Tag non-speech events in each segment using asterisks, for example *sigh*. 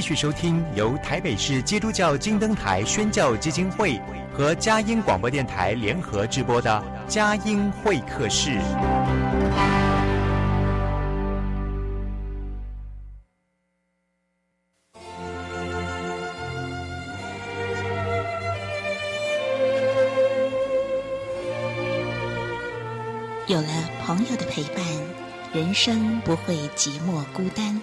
繼續收聽由台北市基督教金燈臺宣教基金會和佳音廣播電臺聯合直播的《佳音會客室》。有了朋友的陪伴，人生不會寂寞孤單。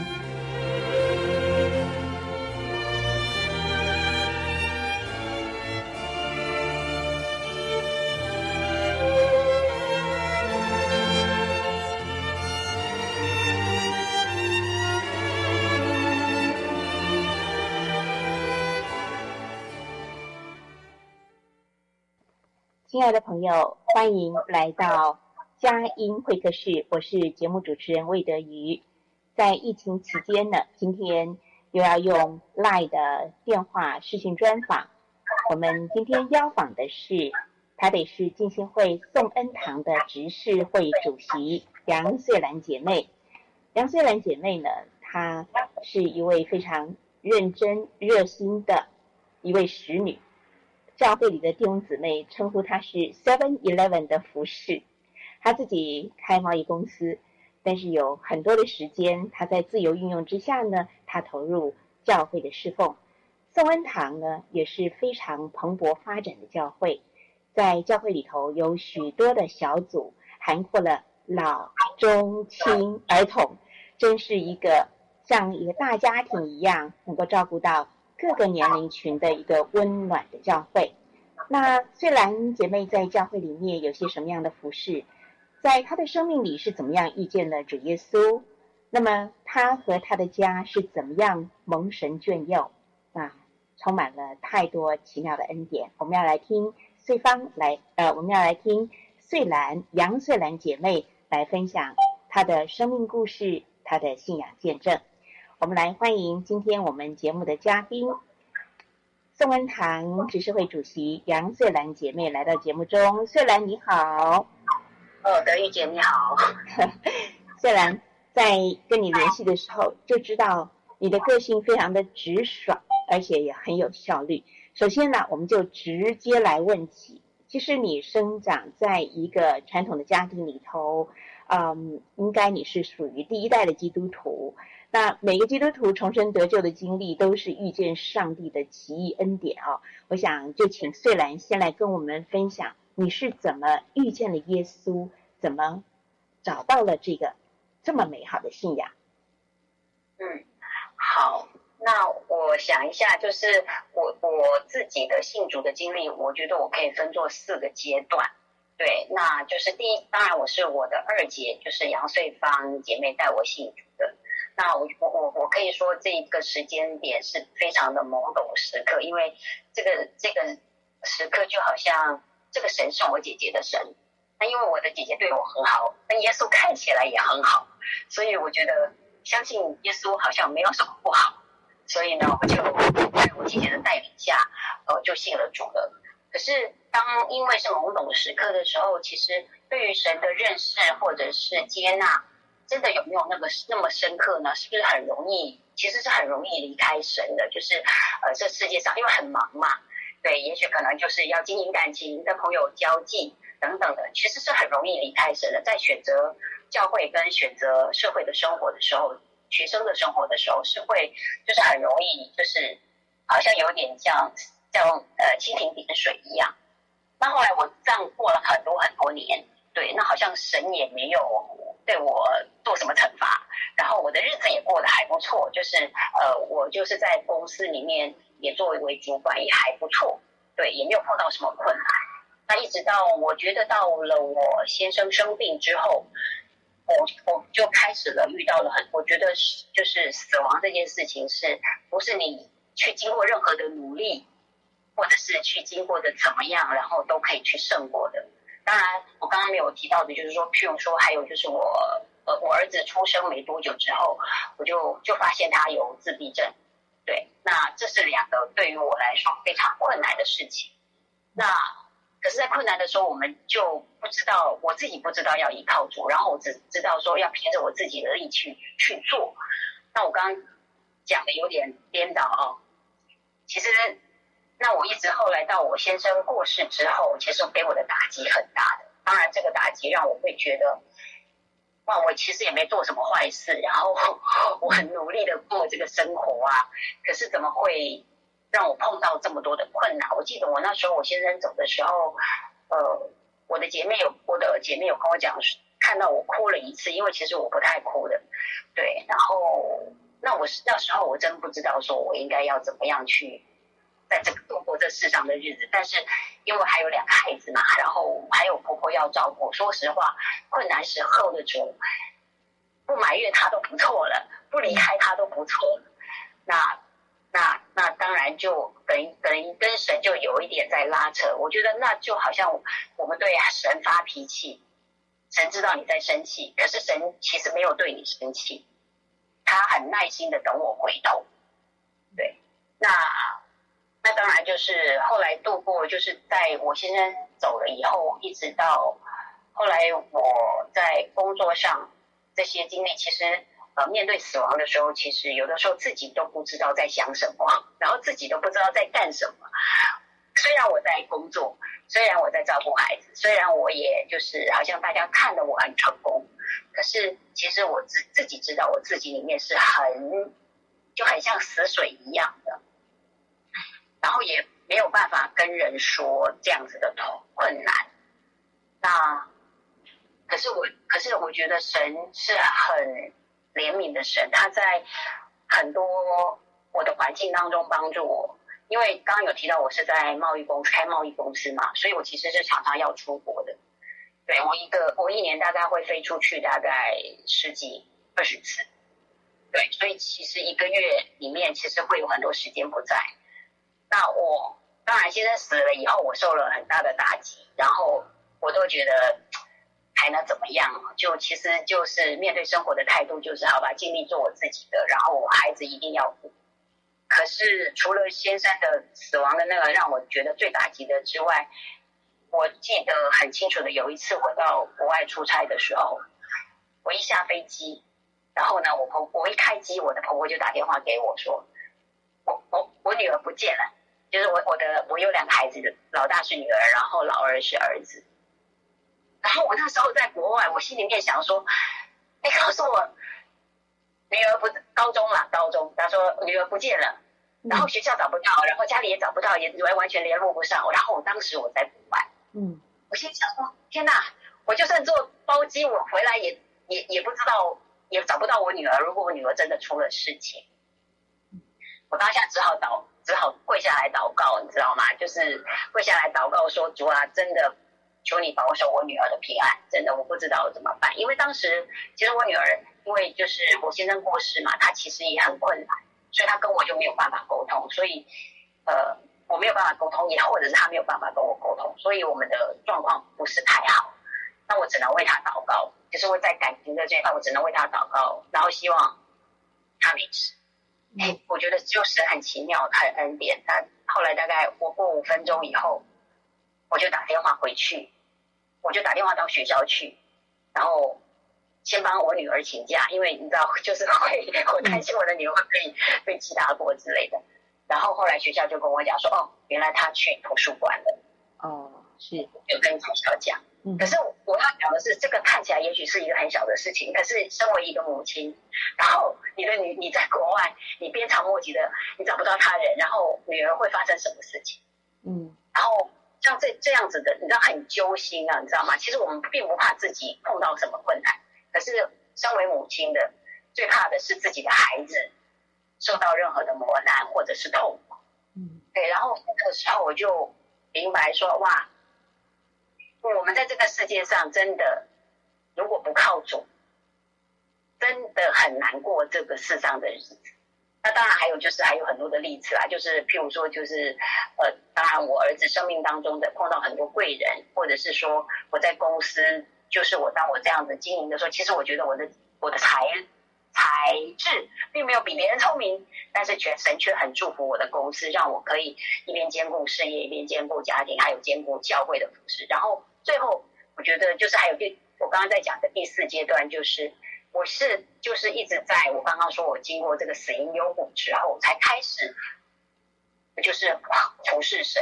各位朋友，歡迎來到佳音會客室。我是節目主持人魏德瑜。在疫情期間呢，今天又要用 Line 的電話視訊專訪。我們今天邀訪的是台北市浸信會頌恩堂的執事會主席楊穗蘭姐妹。楊穗蘭姐妹呢，她是一位非常認真、熱心的一位使女。教會裡的弟兄姊妹稱呼他是 “Seven Eleven” 的服侍，他自己開貿易公司，但是有很多的時間，他在自由運用之下呢，他投入教會的侍奉。頌恩堂呢，也是非常蓬勃發展的教會，在教會裡頭有許多的小組，涵括了老、中、青、兒童，真是一個像一個大家庭一樣，能夠照顧到。各個年齡群的一個溫暖的教會。那穗蘭姐妹在教會裡面有些什麼樣的服事？在她的生命裡是怎麼樣遇見了主耶穌？那麼她和她的家是怎麼樣蒙神眷佑？啊，充滿了太多奇妙的恩典。我們要來聽穗芳來，呃，我們要來聽穗蘭楊穗蘭姐妹來分享她的生命故事，她的信仰見證。我們來歡迎今天我們節目的嘉賓，頌恩堂執事會主席楊穗蘭姐妹來到節目中。穗蘭，你好。哦，德玉姐你好。穗蘭，在跟你聯繫的時候就知道你的個性非常的直爽，而且也很有效率。首先呢，我們就直接來問起，其實你生長在一個傳統的家庭裡頭，嗯，應該你是屬於第一代的基督徒。那每個基督徒重生得救的經歷都是遇見上帝的奇異恩典啊、哦！我想就請穗蘭先來跟我們分享，你是怎麼遇見了耶穌，怎麼找到了這個這麼美好的信仰？嗯，好。那我想一下，就是我我自己的信主的經歷，我覺得我可以分作四個階段。對，那就是第一，當然我是我的二姐，就是楊穗芳姐妹帶我信主的。那我我我我可以說，這一個時間點是非常的懵懂時刻，因為這個這個時刻就好像這個神是我姐姐的神。那因為我的姐姐對我很好，那耶穌看起來也很好，所以我覺得相信耶穌好像沒有什麼不好。所以呢，我就在我姐姐的帶領下，呃，就信了主了。可是當因為是懵懂時刻的時候，其實對於神的認識或者是接納。真的有沒有那麼、個、那麼深刻呢？是不是很容易？其實是很容易離開神的。就是，呃，這世界上因為很忙嘛，對，也許可能就是要經營感情、跟朋友交際等等的，其實是很容易離開神的。在選擇教會跟選擇社會的生活的時候，學生的生活的時候，是會就是很容易，就是好像有點像像呃蜻蜓點水一樣。那後來我這樣過了很多很多年，對，那好像神也沒有。對我做什麼懲罰？然後我的日子也過得還不錯，就是呃，我就是在公司裡面也作為主管，也還不錯，對，也沒有碰到什麼困難。那一直到我覺得到了我先生生病之後，我我就開始了遇到了很，我覺得是就是死亡這件事情是，不是你去經過任何的努力，或者是去經過的怎麼樣，然後都可以去勝過的。當然，我剛剛沒有提到的，就是說，譬如說，還有就是我，呃，我兒子出生沒多久之後，我就就發現他有自閉症，對，那這是兩個對於我來說非常困難的事情。那可是，在困難的時候，我們就不知道，我自己不知道要依靠主，然後我只知道說要憑着我自己的力氣去去做。那我剛剛講的有點顛倒哦，其實。那我一直後來到我先生過世之後，其實給我的打擊很大的。當然，這個打擊讓我會覺得，哇，我其實也沒做什麼壞事，然後我很努力的過這個生活啊。可是怎麼會讓我碰到這麼多的困難？我記得我那時候我先生走的時候，呃，我的姐妹有，我的姐妹有跟我講，看到我哭了一次，因為其實我不太哭的。對，然後那我是，那時候我真不知道說我應該要怎麼樣去。在這個度過這世上的日子，但是因為還有兩個孩子嘛，然後還有婆婆要照顧。說實話，困難時候的主，不埋怨他都不錯了，不離開他都不錯。那、那、那當然就等於等於跟神就有一點在拉扯。我覺得那就好像我們對神發脾氣，神知道你在生氣，可是神其實沒有對你生氣，他很耐心的等我回頭。對，那。那當然就是後來度過，就是在我先生走了以後，一直到後來我在工作上這些經歷，其實呃面對死亡的時候，其實有的時候自己都不知道在想什麼，然後自己都不知道在幹什麼。雖然我在工作，雖然我在照顧孩子，雖然我也就是好像大家看得我很成功，可是其實我自自己知道，我自己裡面是很就很像死水一樣。然後也沒有辦法跟人說這樣子的痛、困難。那可是我，可是我覺得神是很憐憫的神，他在很多我的環境當中幫助我。因為剛剛有提到我是在貿易公司開貿易公司嘛，所以我其實是常常要出國的。對，我一個，我一年大概會飛出去大概十幾二十次。對，所以其實一個月裡面其實會有很多時間不在。那我，當然先生死了以後，我受了很大的打擊，然後我都覺得還能怎麼樣？就其實就是面對生活的態度，就是好吧，盡力做我自己的。然後我孩子一定要。可是除了先生的死亡的那個讓我覺得最打擊的之外，我記得很清楚的，有一次我到國外出差的時候，我一下飛機，然後呢，我婆我一開機，我的婆婆就打電話給我說，我我我女兒不見了。就是我，我的我有兩個孩子，老大是女兒，然後老二是兒子。然後我那時候在國外，我心裡面想說：“你、哎、告訴我，女兒不高中了，高中、啊、高中她說女兒不見了，然後學校找不到，然後家裡也找不到，也，也完全聯絡不上。”然後我當時我在國外，嗯，我心裡想說：“天哪，我就算坐包機我回來也也也不知道，也找不到我女兒。如果我女兒真的出了事情，我當下只好找。”只好跪下來禱告，你知道嗎？就是跪下來禱告說，說主啊，真的求你保守我女兒的平安。真的，我不知道怎麼辦，因為當時其實我女兒因為就是我先生過世嘛，她其實也很困難，所以她跟我就沒有辦法溝通，所以呃我沒有辦法溝通，也或者是她沒有辦法跟我溝通，所以我們的狀況不是太好。那我只能為她禱告，就是我在感情的這一塊，我只能為她禱告，然後希望她沒事。哎、嗯，hey, 我覺得就是很奇妙，很恩典。但後來大概我過，過五分鐘以後，我就打電話回去，我就打電話到學校去，然後先幫我女兒請假，因為你知道，就是會我擔心我的女兒會被被記大過之類的。然後後來學校就跟我講說，哦，原來她去圖書館了。哦、嗯。是有、嗯、跟從小講，可是我要講的是，這個看起來也許是一個很小的事情，可是身為一個母親，然後你的女你在國外，你鞭長莫及的，你找不到他人，然後女兒會發生什麼事情？嗯，然後像這這樣子的，你知道很揪心啊，你知道嗎？其實我們並不怕自己碰到什麼困難，可是身為母親的，最怕的是自己的孩子受到任何的磨難或者是痛苦。嗯，對，然後那個時候我就明白說，哇。我們在這個世界上真的，如果不靠主，真的很難過這個世上的日子。那當然還有就是還有很多的例子啊，就是譬如說就是，呃，當然我兒子生命當中的碰到很多貴人，或者是說我在公司，就是我當我這樣子經營的時候，其實我覺得我的我的才才智並沒有比別人聰明，但是全神卻很祝福我的公司，讓我可以一邊兼顧事業，一邊兼顧家庭，還有兼顧教會的服事，然後。最後，我覺得就是還有第，我剛剛在講的第四階段，就是我是就是一直在我剛剛說我經過這個死蔭幽谷之後，才開始，就是服侍神，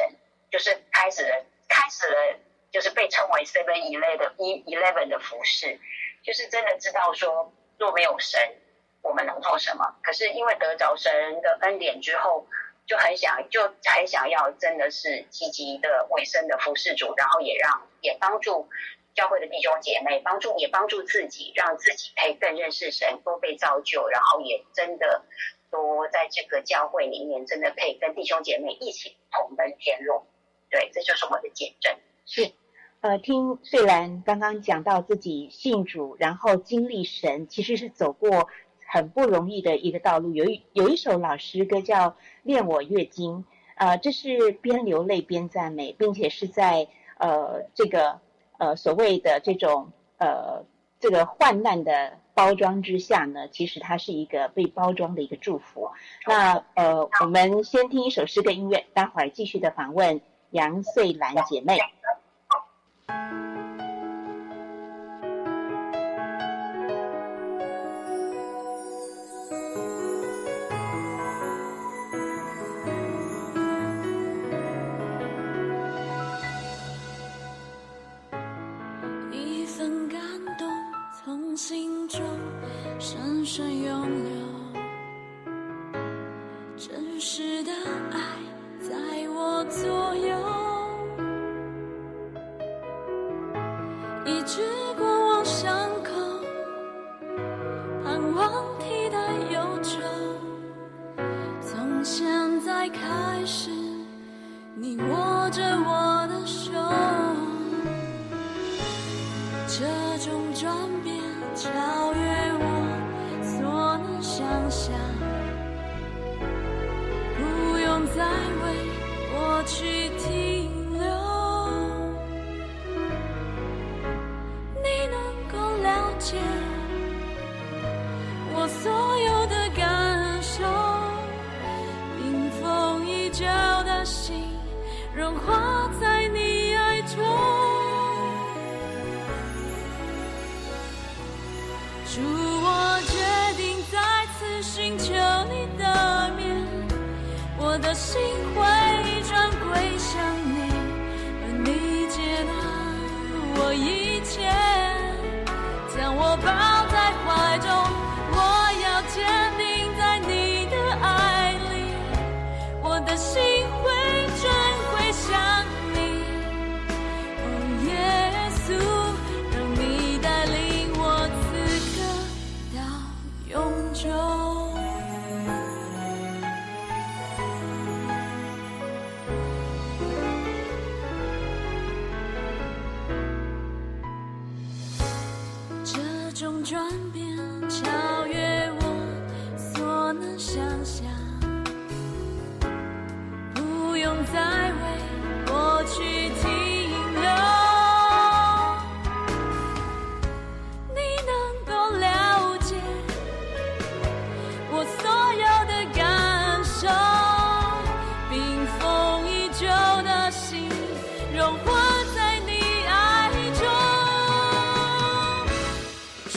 就是開始了開始了，就是被稱為 seven eleven 的 eleven 的服侍，就是真的知道說若沒有神，我們能做什麼？可是因為得着神的恩典之後。就很想，就很想要，真的是積極的、委身的服侍主，然後也讓也幫助教會的弟兄姐妹，幫助也幫助自己，讓自己可以更認識神，多被造就，然後也真的多在這個教會裡面，真的可以跟弟兄姐妹一起同奔天路。對，這就是我的見證。是，呃，聽穗蘭剛剛講到自己信主，然後經歷神，其實是走過。很不容易的一個道路，有一有一首老詩歌叫《煉我愈精》，啊、呃，這是邊流淚邊讚美，並且是在呃這個呃所謂的這種呃這個患難的包裝之下呢，其實它是一個被包裝的一個祝福。那呃，我們先聽一首詩歌音樂，待會兒繼續的訪問楊穗蘭姐妹。擁有真實的愛在我左右，醫治過往傷口，盼望替代憂愁。從現在開始，你握着我。去停留，你能夠了解我所有的感受，冰封已久的心融化在你愛中。主，我決定再次尋求你的面，我的心。融化在你愛中。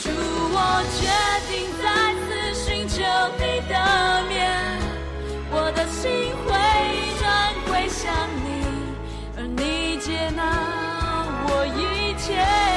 主，我決定再次尋求你的面，我的心會轉歸向你，而你接納我一切。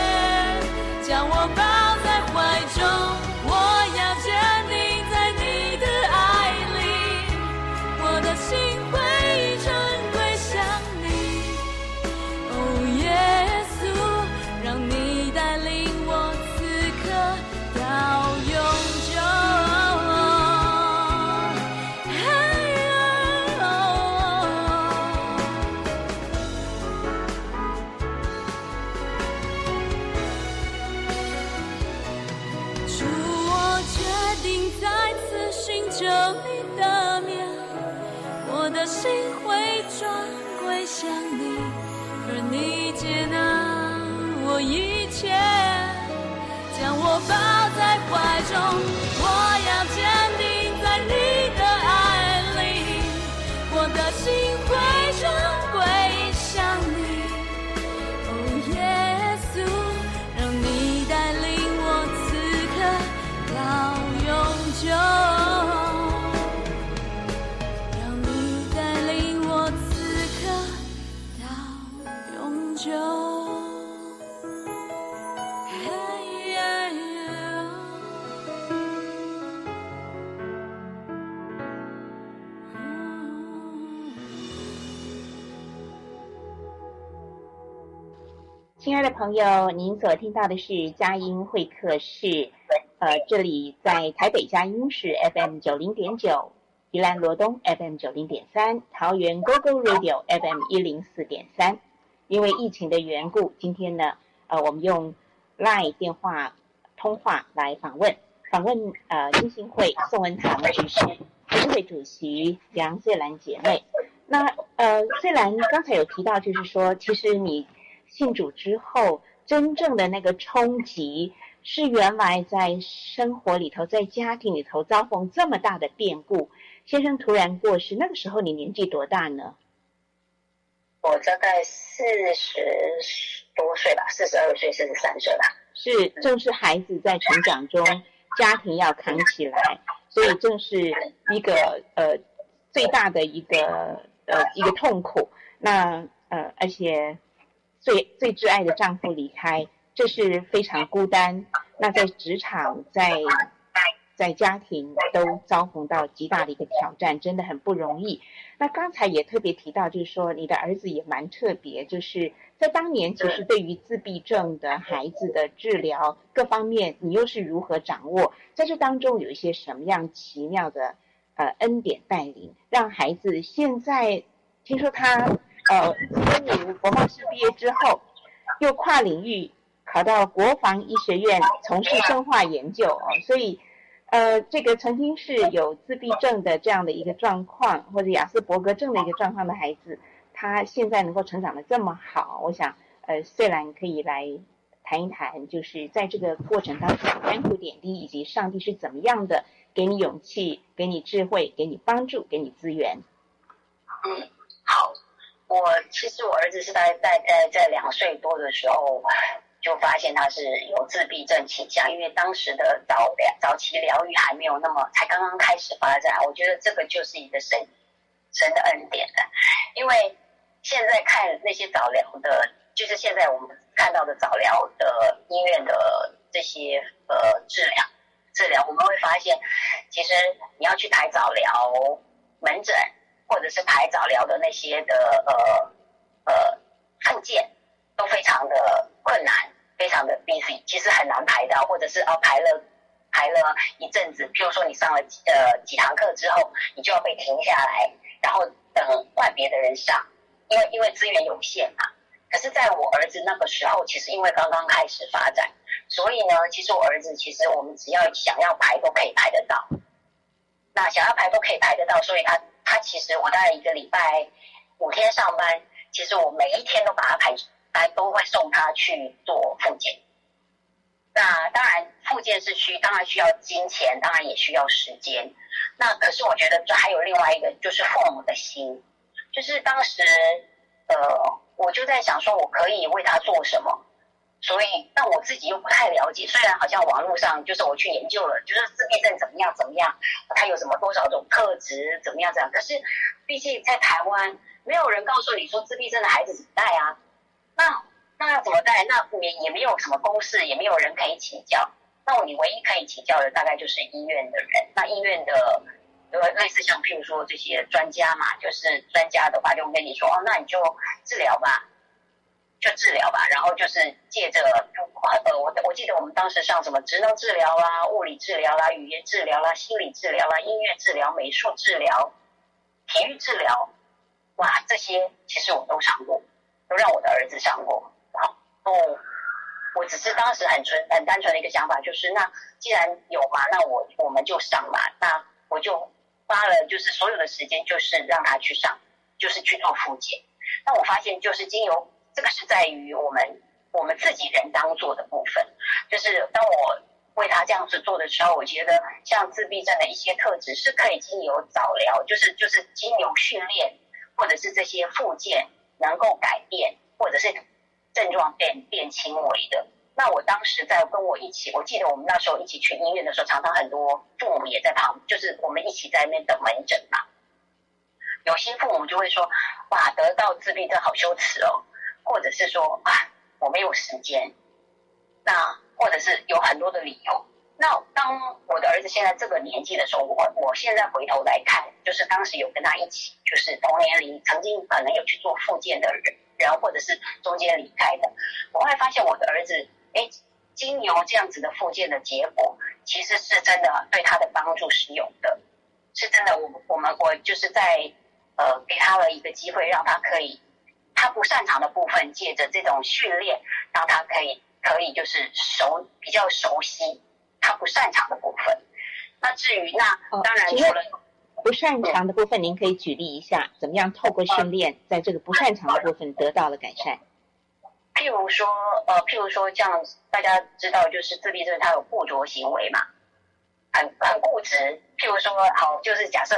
我抱在懷中。親愛的朋友，您所聽到的是佳音會客室。呃，這裡在台北佳音是 FM 九零點九，宜蘭羅東 FM 九零點三，桃園 Gogo Radio FM 一零四點三。因為疫情的緣故，今天呢，呃，我們用 Line 電話,電話通話來訪問訪問呃浸信會頌恩堂的執事會主席、浸信會主席楊穗蘭姐妹。那呃，穗蘭剛才有提到，就是說其實你。信主之後，真正的那個衝擊是原來在生活裡頭，在家庭裡頭遭逢這麼大的變故。先生突然過世，那個時候你年紀多大呢？我大概四十多歲吧，四十二歲，四十三歲吧。是正是孩子在成長中，家庭要扛起來，所以正是一個呃最大的一個呃一個痛苦。那呃而且。最最摯愛的丈夫離開，這是非常孤單。那在職場、在在家庭都遭逢到極大的一個挑戰，真的很不容易。那剛才也特別提到，就是說你的兒子也蠻特別，就是在當年其實對於自閉症的孩子的治療各方面，你又是如何掌握？在這當中有一些什麼樣奇妙的呃恩典帶領，讓孩子現在聽說他。呃，從你國貿系畢業之後，又跨領域考到國防醫學院從事生化研究哦、呃，所以，呃，這個曾經是有自閉症的這樣的一個狀況，或者亞斯伯格症的一個狀況的孩子，他現在能夠成長得這麼好，我想，呃，穗蘭可以來談一談，就是在這個過程當中，甘苦點滴以及上帝是怎麼樣的給你勇氣、給你智慧、給你幫助、給你資源。我其實，我兒子是在在在在兩歲多的時候就發現他是有自閉症傾向，因為當時的早療早期療育還沒有那麼，才剛剛開始發展。我覺得這個就是一個神神的恩典的、啊、因為現在看那些早療的，就是現在我們看到的早療的醫院的這些呃治療治療，我們會發現，其實你要去抬早療門診。或者是排早療的那些的呃呃附件，都非常的困難，非常的 busy，其實很難排到。或者是哦、啊、排了排了一陣子，譬如說你上了幾呃幾堂課之後，你就要被停下來，然後等換別的人上，因為因為資源有限嘛。可是，在我兒子那個時候，其實因為剛剛開始發展，所以呢，其實我兒子其實我們只要想要排都可以排得到。那想要排都可以排得到，所以他。其實我大概一個禮拜，五天上班，其實我每一天都把他排排，都會送他去做復健。那當然復健是需，當然需要金錢，當然也需要時間。那可是我覺得這還有另外一個，就是父母的心，就是當時呃，我就在想說，我可以為他做什麼。所以，但我自己又不太了解。雖然好像網絡上就是我去研究了，就是自閉症怎麼樣怎麼樣，他有什麼多少種特質怎麼樣怎樣。可是，畢竟在台灣，沒有人告訴你說自閉症的孩子怎麼帶啊。那那要怎麼帶？那也也沒有什麼公式，也沒有人可以請教。那我你唯一可以請教的，大概就是醫院的人。那醫院的呃，類似像譬如說這些專家嘛，就是專家的話，就會跟你說哦、啊，那你就治療吧。就治療吧，然後就是借着呃，我我記得我們當時上什麼職能治療啊、物理治療啊、語言治療啊、心理治療啊、音樂治療、美術治療、體育治療，哇，這些其實我都上過，都讓我的兒子上過。然後，我只是當時很純很單純的一個想法，就是那既然有嘛，那我我們就上嘛。那我就花了就是所有的時間，就是讓他去上，就是去做復健。但我發現就是經由。這個是在於我們我們自己人當做的部分，就是當我為他這樣子做的時候，我覺得像自閉症的一些特質是可以經由早療，就是就是經由訓練或者是這些復健能夠改變，或者是症狀變變輕微的。那我當時在跟我一起，我記得我們那時候一起去醫院的時候，常常很多父母也在旁，就是我們一起在那邊等門診嘛。有些父母就會說：“哇，得到自閉症好羞恥哦。”或者是說啊，我沒有時間，那或者是有很多的理由。那當我的兒子現在這個年紀的時候，我我現在回頭來看，就是當時有跟他一起，就是同年齡曾經可、呃、能有去做復健的人，人或者是中間離開的，我會發現我的兒子，哎，經由這樣子的復健的結果，其實是真的對他的幫助是有的，是真的我。我我們我就是在呃，給他了一個機會，讓他可以。他不擅長的部分，借着這種訓練，讓他可以，可以就是熟，比較熟悉他不擅長的部分。那至於那、哦、當然除了不擅長的部分，嗯，您可以舉例一下，怎麼樣透過訓練，嗯、在這個不擅長的部分得到了改善。嗯嗯嗯嗯、譬如說，呃，譬如說，像大家知道，就是自閉症，他有固着行為嘛，很、嗯、很固執。譬如說，好、哦，就是假設，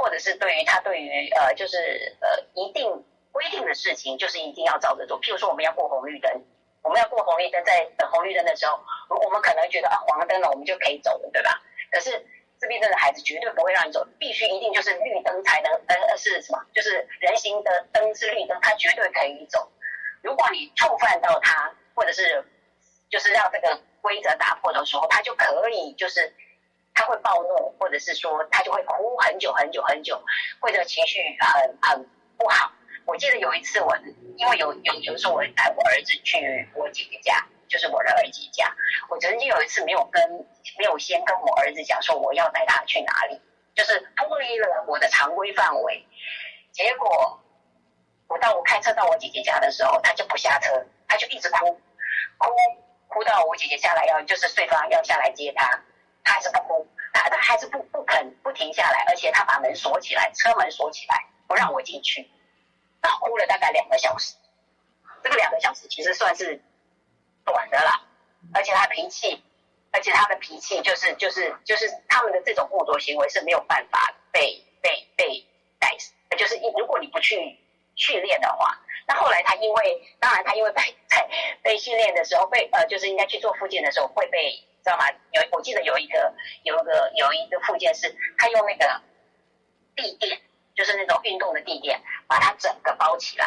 或者是對於他，對於呃，就是呃，一定。規定的事情就是一定要照着做。譬如說我，我們要過紅綠燈，我們要過紅綠燈，在等紅綠燈的時候，我們可能覺得啊，黃燈了，我們就可以走了，對吧？可是自閉症的孩子絕對不會讓你走，必須一定就是綠燈才能，呃，是什麼？就是人行的燈是綠燈，他絕對可以走。如果你觸犯到他，或者是就是讓這個規則打破的時候，他就可以就是他會暴怒，或者是說他就會哭很久很久很久，或者這個情緒很很、嗯嗯、不好。我記得有一次我，我因為有有有時候我帶我兒子去我姐姐家，就是我的二姐家。我曾經有一次沒有跟沒有先跟我兒子講說我要帶他去哪裡，就是脫離了我的常規範圍。結果我到我開車到我姐姐家的時候，他就不下車，他就一直哭哭哭到我姐姐下來要就是對方要下來接她，她還是不哭，她還是不不肯不停下來，而且她把門鎖起來，車門鎖起來，不讓我進去。他哭了大概兩個小時，這個兩個小時其實算是短的啦，而且他的脾氣，而且他的脾氣就是就是就是他們的這種固著行為是沒有辦法被被被帶死就是一如果你不去訓練的話，那後來他因為當然他因為被被訓練的時候被呃就是應該去做復健的時候會被知道嗎？有我記得有一個有一個有一個,有一個復健是他用那個地墊。就是那種運動的地墊，把它整個包起來，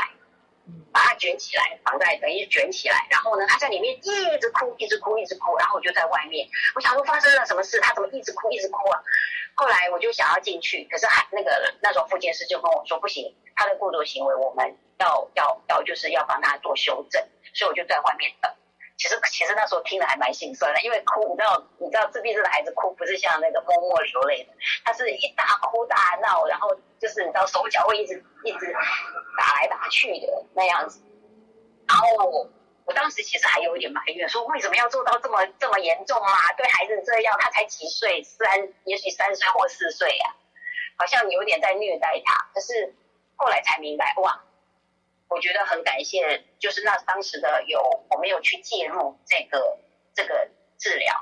把它捲起來，綁在等於捲起來，然後呢，他在裡面一直哭，一直哭，一直哭，然後我就在外面，我想說發生了什麼事，他怎麼一直哭一直哭啊？後來我就想要進去，可是還那個那種復健師就跟我說不行，他的過度行為我們要要要就是要幫他做修正，所以我就在外面。等。其實其實那時候聽得還蠻心酸的，因為哭，你知道你知道自閉症的孩子哭不是像那個默默流淚的，他是一大哭大鬧，然後就是你知道手腳會一直一直打來打去的那樣子。然後我我當時其實還有一點埋怨，說為什麼要做到這麼這麼嚴重啊？對孩子這樣，他才幾歲，三也許三歲或四歲啊，好像有點在虐待他。可是後來才明白，哇！我覺得很感謝，就是那當時的有我沒有去介入這個這個治療，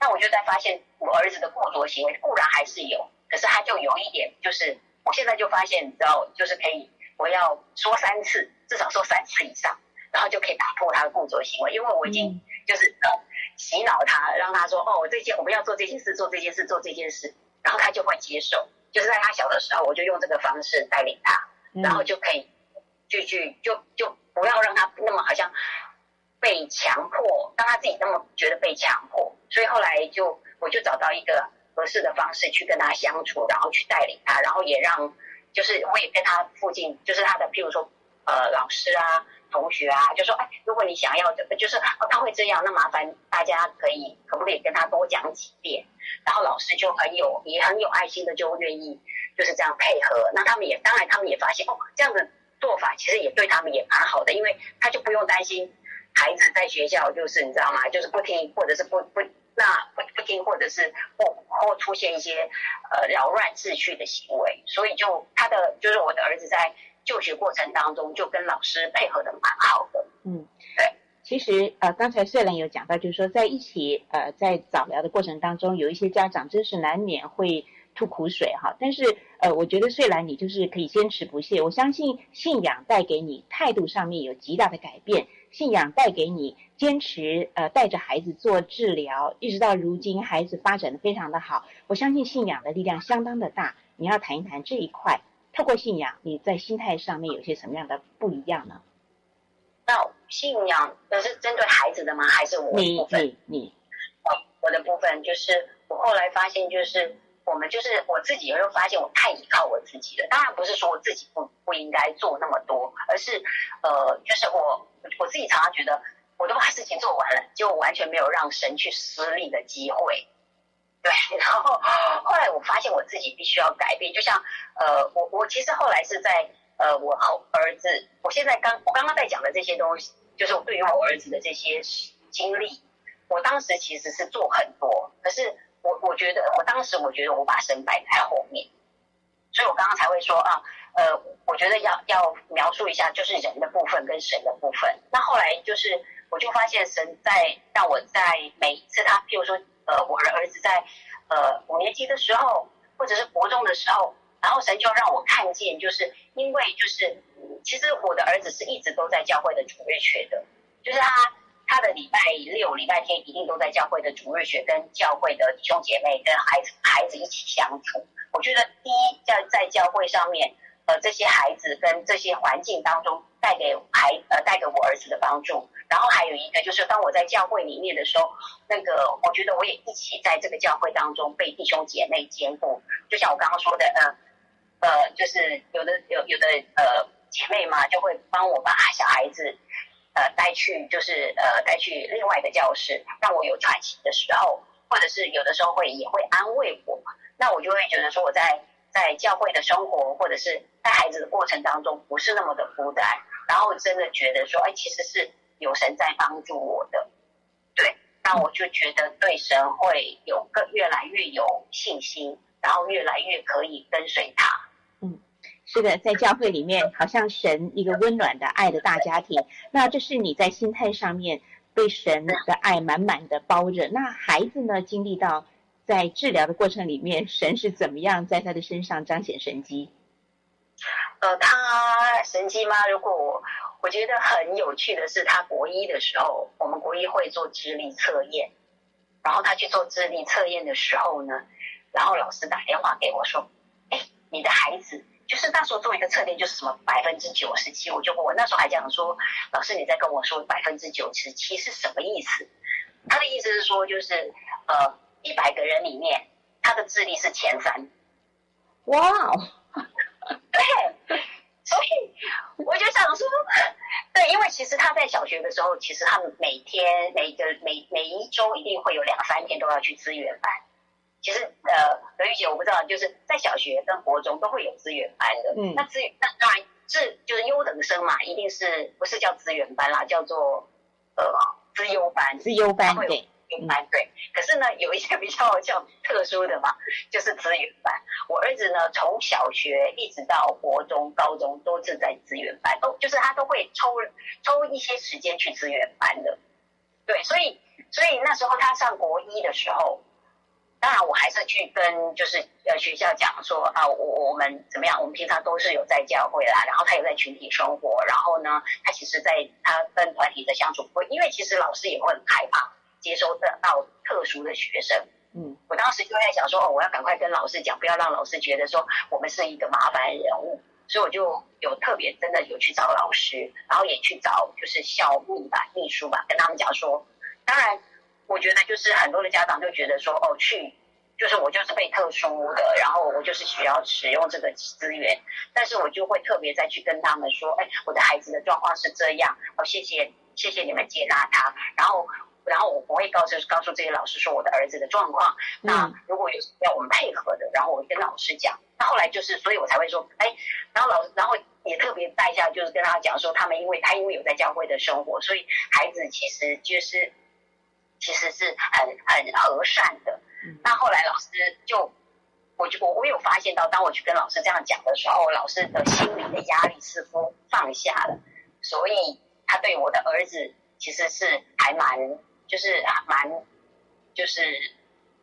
那我就在發現我兒子的固著行為固然還是有，可是他就有一點，就是我現在就發現，你知道，就是可以我要說三次，至少說三次以上，然後就可以打破他的固著行為，因為我已經就是、呃、洗腦他，讓他說哦，我這件我們要做這件事，做這件事，做這件事，然後他就會接受。就是在他小的時候，我就用這個方式帶領他，然後就可以。去去就就不要讓他那麼好像被強迫，讓他自己那麼覺得被強迫。所以後來就我就找到一個合適的方式去跟他相處，然後去帶領他，然後也讓就是我也跟他附近，就是他的譬如說呃老師啊同學啊，就說哎，如果你想要這，就是他、哦、會這樣，那麻煩大家可以可不可以跟他多講幾遍？然後老師就很有也很有愛心的就願意就是這樣配合。那他們也當然他們也發現哦，這樣子。做法其實也對他們也蠻好的，因為他就不用擔心孩子在學校，就是你知道嗎？就是不聽，或者是不不那不不，不聽，或者是或或出現一些呃擾亂秩序的行為，所以就他的就是我的兒子在就學過程當中就跟老師配合的蠻好的。嗯，對。其實呃剛才雖然有講到，就是說在一起呃在早聊的過程當中，有一些家長真是難免會。吐苦水哈，但是呃，我覺得穗蘭你就是可以堅持不懈，我相信信仰帶給你態度上面有極大的改變，信仰帶給你堅持，呃，帶着孩子做治療，一直到如今孩子發展的非常的好，我相信信仰的力量相當的大。你要談一談這一塊，透過信仰，你在心態上面有些什麼樣的不一樣呢？那信仰那是針對孩子的嗎？還是我的部分？你，哦你，我的部分就是我後來發現就是。我們就是我自己，有時候發現我太依靠我自己了。當然不是說我自己不不應該做那麼多，而是，呃，就是我我自己常常覺得，我都把事情做完了，就完全沒有讓神去施力的機會。對，然後後來我發現我自己必須要改變。就像呃，我我其實後來是在呃，我兒子，我現在剛我剛剛在講的這些東西，就是我對於我兒子的這些經歷，我當時其實是做很多，可是我我覺得，我當時我覺得我把神擺在後面，所以我剛剛才會說啊，呃，我覺得要要描述一下，就是人的部分跟神的部分。那後來就是，我就發現神在讓我在每一次，他、啊、譬如說，呃，我的兒子在呃五年級的時候，或者是國中的時候，然後神就讓我看見，就是因為就是，其實我的兒子是一直都在教會的主日學的，就是他、啊。他的禮拜六、禮拜天一定都在教會的主日學，跟教會的弟兄姐妹、跟孩子孩子一起相處。我覺得第一，在在教會上面，呃，這些孩子跟這些環境當中帶給孩呃帶給我兒子的幫助。然後還有一個就是，當我在教會裡面的時候，那個我覺得我也一起在這個教會當中被弟兄姐妹兼顧。就像我剛剛說的，呃，呃，就是有的有有的呃姐妹嘛，就會幫我把小孩子。呃，帶去就是呃，帶去另外的教室，讓我有喘息的時候，或者是有的時候會也會安慰我，那我就會覺得說我在在教會的生活，或者是帶孩子的過程當中，不是那麼的孤單，然後真的覺得說，哎，其實是有神在幫助我的，對，那我就覺得對神會有個越來越有信心，然後越來越可以跟隨他。這個在教會裡面，好像神一個溫暖的愛的大家庭。那這是你在心態上面被神的愛滿滿的包着。那孩子呢，經歷到在治療的過程裡面，神是怎麼樣在他的身上彰顯神蹟？呃，他、啊、神蹟嗎？如果我覺得很有趣的是，他國一的時候，我們國一會做智力測驗，然後他去做智力測驗的時候呢，然後老師打電話給我說：“哎，你的孩子。”就是那時候做一個測驗，就是什麼百分之九十七，我就問我那時候還講說，老師你在跟我說百分之九十七是什麼意思？他的意思是說，就是呃一百個人裡面，他的智力是前三。哇哦，對，所以我就想說，對，因為其實他在小學的時候，其實他每天每個每每一周一定會有兩三天都要去資源班。其實，呃，何玉姐，我不知道，就是在小學跟國中都會有資源班的。嗯，那資那當然是就是優等生嘛，一定是不是叫資源班啦，叫做呃資優班、資優班會有優班、嗯、對。可是呢，有一些比較較特殊的嘛，就是資源班。我兒子呢，從小學一直到國中、高中都是在資源班，都就是他都會抽抽一些時間去資源班的。對，所以所以那時候他上國一的時候。當然，我還是去跟，就是呃學校講說啊、哦，我我們怎麼樣？我們平常都是有在教會啦，然後他有在群體生活，然後呢，他其實在他跟團體的相處不會，因為其實老師也會很害怕接收到特殊的學生。嗯，我當時就在想說，哦，我要趕快跟老師講，不要讓老師覺得說我們是一個麻煩人物，所以我就有特別真的有去找老師，然後也去找就是校秘吧、秘書吧，跟他們講說，當然。我覺得就是很多的家長就覺得說哦去，就是我就是被特殊的，然後我就是需要使用這個資源，但是我就會特別再去跟他們說，哎，我的孩子的狀況是這樣，哦，謝謝謝謝你們接納他，然後然後我不會告訴告訴這些老師說我的兒子的狀況，嗯。那如果有要我們配合的，然後我會跟老師講。那後來就是，所以我才會說，哎，然後老師，然後也特別帶一下就是跟他講說，他們因為他因為有在教會的生活，所以孩子其實就是。其實是很很和善的，那後來老師就，我就我我有發現到，當我去跟老師這樣講的時候，老師的心裡的壓力似乎放下了，所以他對我的兒子其實是還蠻就是蠻就是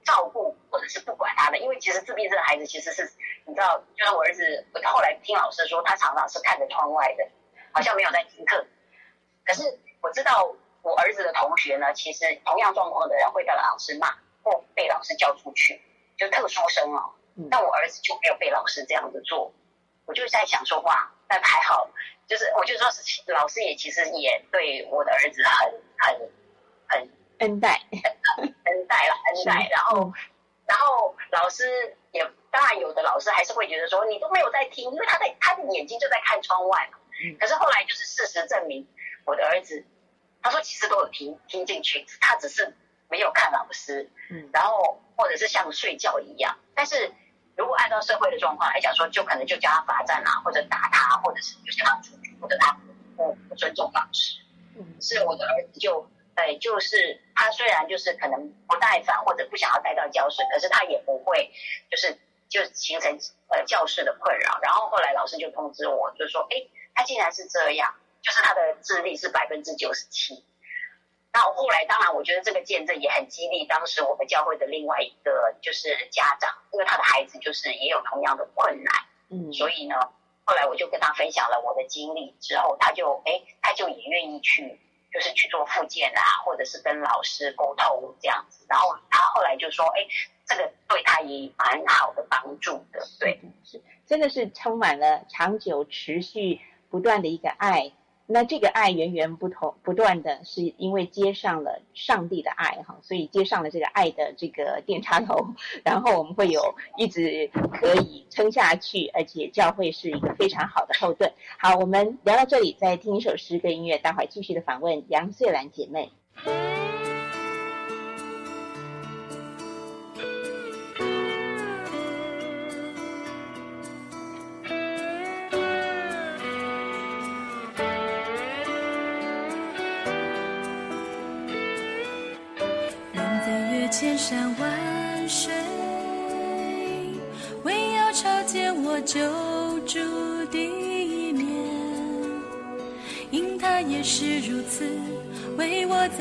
照顧或者是不管他的，因為其實自閉症孩子其實是你知道，就是我兒子，我後來聽老師說，他常常是看着窗外的，好像沒有在聽課，可是我知道。我兒子的同學呢，其實同樣狀況的人會被老師罵或被老師叫出去，就特殊生哦。但我兒子就沒有被老師這樣子做，我就在想說，哇，但還好，就是我就說是老師也其實也對我的兒子很很很恩待，恩待 *laughs* 了恩待。然後然後老師也當然有的老師還是會覺得說你都沒有在聽，因為他在他的眼睛就在看窗外嘛。可是後來就是事實證明，我的兒子。他說：“其實都有聽聽進去，他只是沒有看老師，嗯，然後或者是像睡覺一樣。嗯、但是如果按照社會的狀況來講，哎、說就可能就叫他罰站啊，或者打他，或者是就想要出去，或者他不、嗯、不尊重老師。嗯，是我的兒子就哎，就是他雖然就是可能不耐煩或者不想要帶到教室，可是他也不會就是就形成呃教室的困擾。然後後來老師就通知我，就說：哎、欸，他竟然是這樣。”就是他的智力是百分之九十七，那我後來當然我覺得這個見證也很激勵。當時我們教會的另外一個就是家長，因為他的孩子就是也有同樣的困難，嗯，所以呢，後來我就跟他分享了我的經歷，之後他就哎，他就也願意去，就是去做復健啊，或者是跟老師溝通這樣子。然後他後，後來就說，哎，這個對他也蠻好的幫助的，對，是，是真的是充滿了長久、持續、不斷的一個愛。那這個愛源源不斷、不斷的是因為接上了上帝的愛哈，所以接上了這個愛的這個電插頭，然後我們會有一直可以撐下去，而且教會是一個非常好的後盾。好，我們聊到這裡，再聽一首詩跟音樂，待會繼續的訪問楊穗蘭姐妹。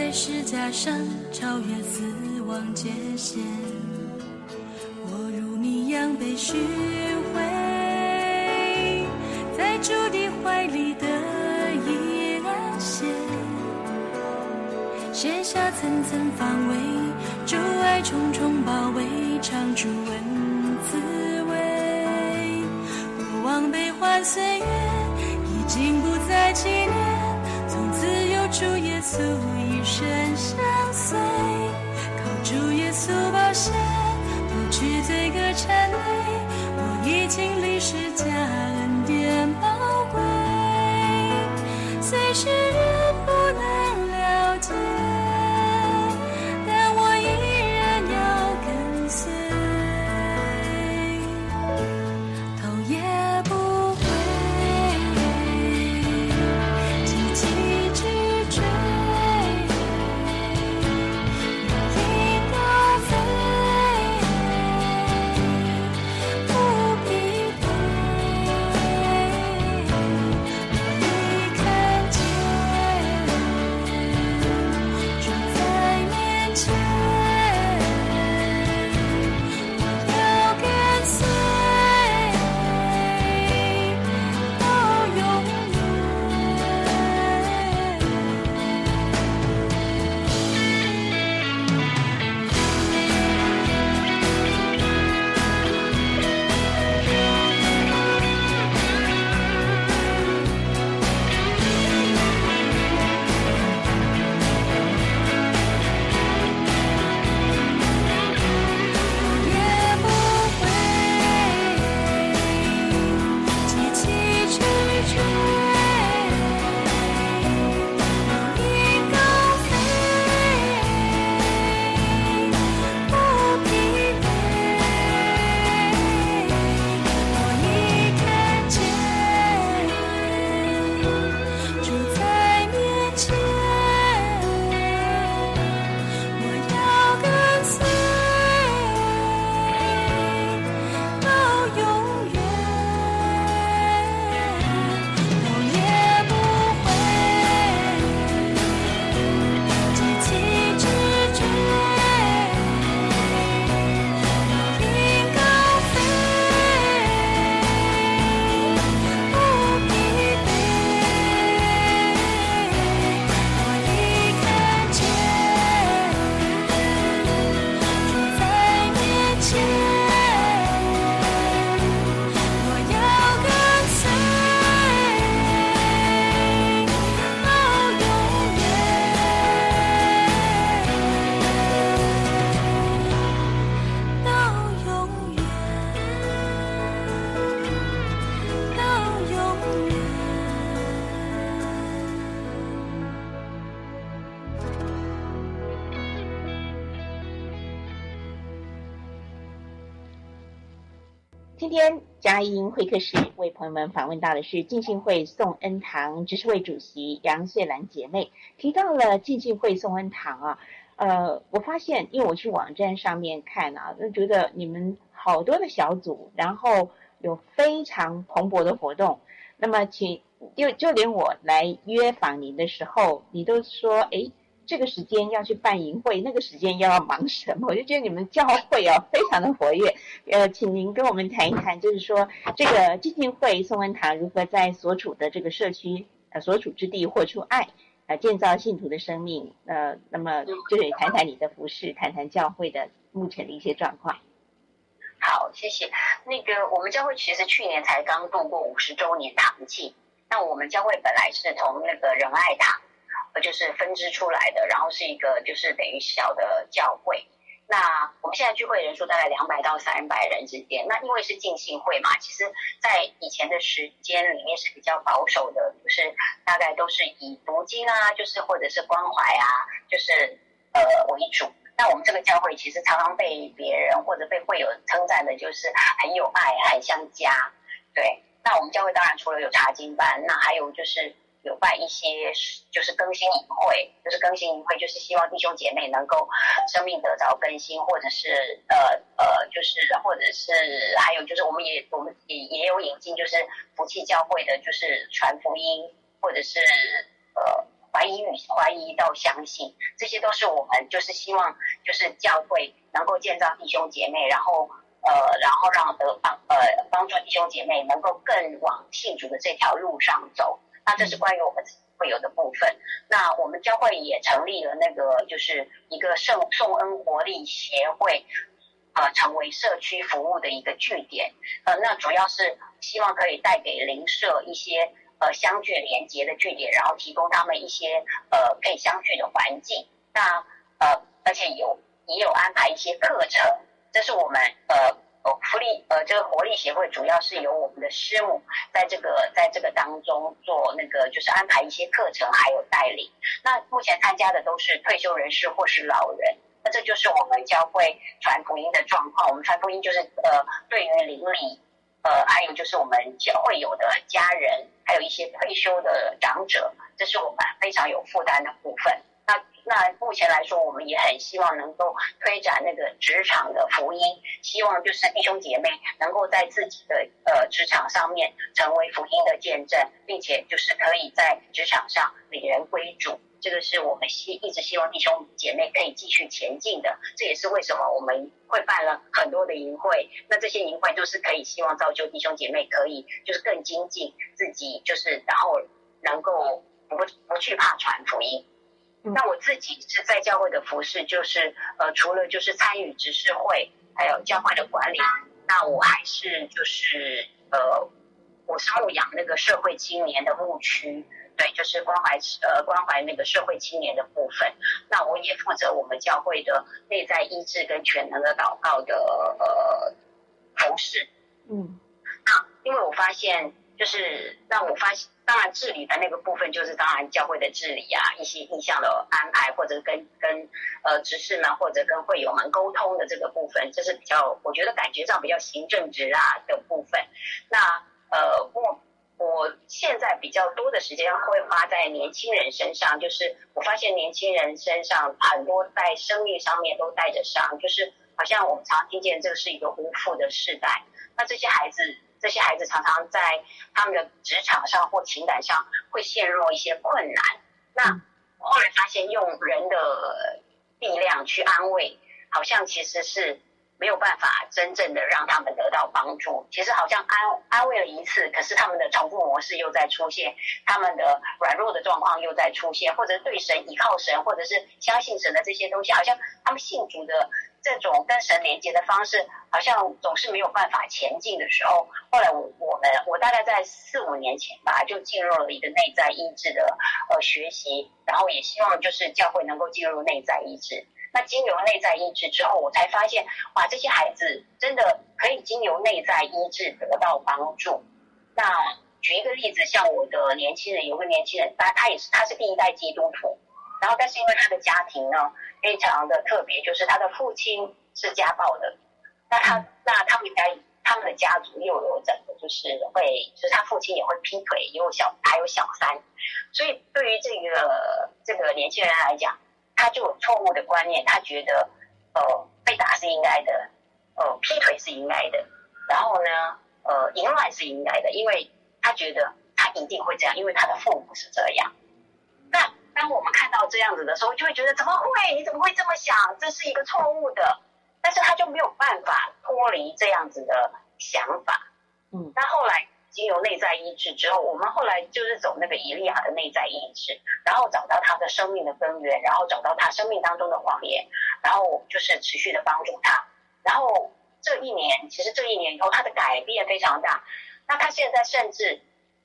在十架上超越死亡界限，我如羊一樣被尋回，在主的懷裡得以安歇，卸下層層防衛，主愛重重包圍，嘗出味滋味，不枉悲歡歲月已經不再期素一生相隨，靠住耶穌寶血，不懼罪惡纏佳音會客室為朋友們訪問到的是浸信會頌恩堂執事會主席楊穗蘭姐妹，提到了浸信會頌恩堂啊，呃，我發現，因為我去網站上面看啊，我覺得你們好多的小組，然後有非常蓬勃的活動。那麼，請，就就連我來約訪您的時候，你都說，哎。這個時間要去辦營會，那個時間又要忙什麼？我就覺得你們教會啊，非常的活躍。呃，請您跟我們談一談，就是說這個浸信會頌恩堂如何在所處的這個社區，呃，所處之地活出愛，呃，建造信徒的生命。呃，那麼就是談談你的服事，談談教會的目前的一些狀況。好，謝謝。那個我們教會其實去年才剛度過五十週年堂慶，那我們教會本來是從那個仁愛堂。就是分支出來的，然後是一個就是等於小的教會。那我們現在聚會人數大概兩百到三百人之間。那因為是浸信會嘛，其實，在以前的時間裡面是比較保守的，就是大概都是以讀經啊，就是或者是關懷啊，就是呃為主。那我們這個教會其實常常被別人或者被會友稱讚的就是很有愛，還很像家。對，那我們教會當然除了有查經班，那還有就是。有辦一些就是更新營會，就是更新營會，就是希望弟兄姐妹能夠生命得着更新，或者是呃呃，就是或者是還有就是我們也我們也也有引進就是福氣教會的，就是傳福音，或者是呃懷疑與懷疑到相信，這些都是我們就是希望就是教會能夠建造弟兄姐妹，然後呃然後讓得幫呃幫助弟兄姐妹能夠更往信主的這條路上走。那這是關於我們會有的部分。那我們教會也成立了那個，就是一個聖頌恩活力協會，呃，成為社區服務的一個據點。呃，那主要是希望可以帶給鄰舍一些呃相聚連結的據點，然後提供他們一些呃可以相聚的環境。那呃，而且有也有安排一些課程，這是我們呃。哦，福利呃，這個活力協會主要是由我們的師母在這個在這個當中做那個，就是安排一些課程，還有帶領。那目前參加的都是退休人士或是老人。那這就是我們教會傳福音的狀況。我們傳福音就是呃，對於鄰里，呃，還有就是我們教會有的家人，還有一些退休的長者，這是我們非常有負擔的部分。那目前來說，我們也很希望能夠推展那個職場的福音，希望就是弟兄姐妹能夠在自己的呃職場上面成為福音的見證，並且就是可以在職場上領人歸主。這個是我們希一直希望弟兄姐妹可以繼續前進的。這也是為什麼我們會辦了很多的營會。那這些營會都是可以希望造就弟兄姐妹，可以就是更精進自己，就是然後能夠不不去怕傳福音。那我自己是在教會的服侍，就是呃，除了就是參與執事會，還有教會的管理。那我還是就是呃，我是牧養那個社會青年的牧區，對，就是關懷呃關懷那個社會青年的部分。那我也負責我們教會的內在醫治跟全能的禱告的呃服侍。嗯，那、啊、因為我發現。就是，那我發現，當然治理的那個部分，就是當然教會的治理啊，一些意向的安排，或者跟，跟呃執事們或者跟會友們溝通的這個部分，這是比較我覺得感覺上比較行政職啊的部分。那呃，我我現在比較多的時間會花在年輕人身上，就是我發現年輕人身上很多在生命上面都帶着傷，就是好像我們常聽見這是一個無父的世代，那這些孩子。這些孩子常常在他們的職場上或情感上會陷入一些困難。那後來發現，用人的力量去安慰，好像其實是。沒有辦法真正的讓他們得到幫助。其實好像安安慰了一次，可是他們的重複模式又在出現，他們的軟弱的狀況又在出現，或者對神倚靠神，或者是相信神的這些東西，好像他們信徒的這種跟神連接的方式，好像總是沒有辦法前進的時候。後來我我們我大概在四五年前吧，就進入了一個內在醫治的呃學習，然後也希望就是教會能夠進入內在醫治。那經由內在醫治之後，我才發現哇，這些孩子真的可以經由內在醫治得到幫助。那舉一個例子，像我的年輕人，有個年輕人，他他也是他是第一代基督徒，然後但是因為他的家庭呢非常的特別，就是他的父親是家暴的，那他那他們家他們的家族又有整個就是會，就是他父親也會劈腿，也有小還有小三，所以對於這個這個年輕人來講。他就有錯誤的觀念，他覺得，呃，被打是應該的，呃，劈腿是應該的，然後呢，呃，淫亂是應該的，因為他覺得他一定會這樣，因為他的父母是這樣。那當我們看到這樣子的時候，就會覺得怎麼會？你怎麼會這麼想？這是一個錯誤的，但是他就沒有辦法脫離這樣子的想法。嗯，那後來，經由內在醫治之後，我們後來就是走那個以利亞的內在醫治，然後找到他的生命的根源，然後找到他生命當中的謊言，然後就是持續的幫助他。然後這一年，其實這一年以後，他的改變非常大。那他現在甚至